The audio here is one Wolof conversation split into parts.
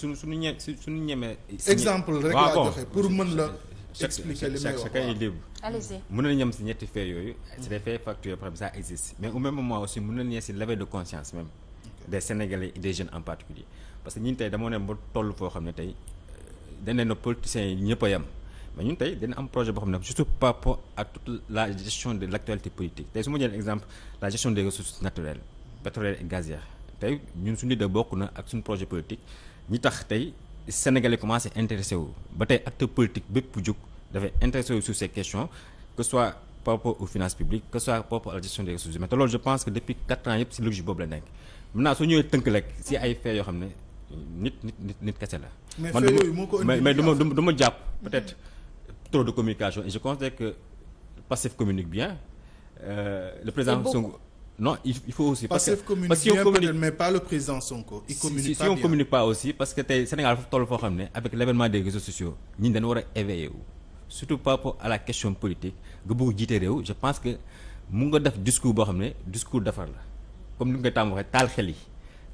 su suñu ñe suñu ñemee. exemple rek laa joxe pour mën la. expliquer li may wax chacun est libre. si ñetti faits yooyu. c'est des mm. faits factuels par exemple existe mais au même moment aussi mën nañu ñee si levée de conscience même. des sénégalais des jeunes en particulier parce que ñun tey dama ne ba toll foo xam ne tey euh, dañ ne na politiciens yi ñëpp a yem mais ñun tey dana am projet boo xam ne surtout par rapport à toute la gestion de l'actualité politique tey su ma jëlee exemple la gestion des ressources suñu leader bokk na ak suñu projet politique. ñi tax tey sénégalais commencé intéressé wu ba tey acteur politique bépp jug dafay intéressé wu sur ces questions que ce soit par rapport aux finances publiques que ce soit par rapport la gestion des ressources humaines te loolu je pense que depuis quatre ans yëpp si logique boobu la nekk maintenant soo ñëwee tënk rek si ay faits yoo xam ne nit nit nit nit kese la. man mais mais du ma du ma jàpp peut-être mm-hmm. trop de communication et je considère que Pastef communique bien euh, le président Sonko non il faut aussi. parce que parce que communique... mais pas le président Sonko. il communique si, si, tey Sénégal foofu toll foo xam ne avec l'événement des réseaux sociaux ñun dañu war a éveiller wu. surtout par rapport la question politique nga bëgg jiite réew je pense que mun nga def discours boo xam ne discours defar la comme ni nga ko waxee taal xel yi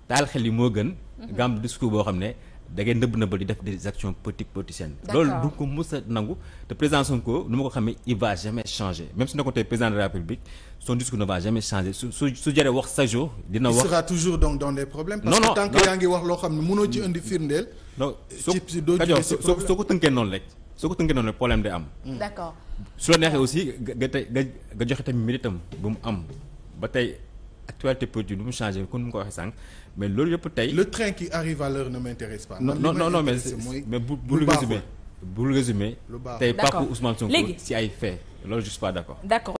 taal xel yi moo gën. nga am discours boo xam ne. da ngay nëbb nëbbal di def des actions politiques politiciennes. loolu du ko mës a nangu te président Sonko nu ma ko xamee il va jamais changer même su nekkoon tey président de wax sa jour dina wax. il sera toujours donc dans des problèmes. parce que tant que yaa ngi wax xam ne mënoo ci indi firndeel. ci doo ci soo ko tënkee noonu rek soo ko tënkee noonu rek problème day am. d'accord su la neexee aussi nga tey nga joxe tamit méritam bu mu am ba tey. actualité politique du mu changé kon nu mu ko mais loolu yëpp tey. le train qui arrive à l'heure ne m'intéresse pas. non non non, mais mais bu bu résumé bu résumé. lu baax tey Pape Ousmane Sonko ci ay faits loolu je pas d'accord.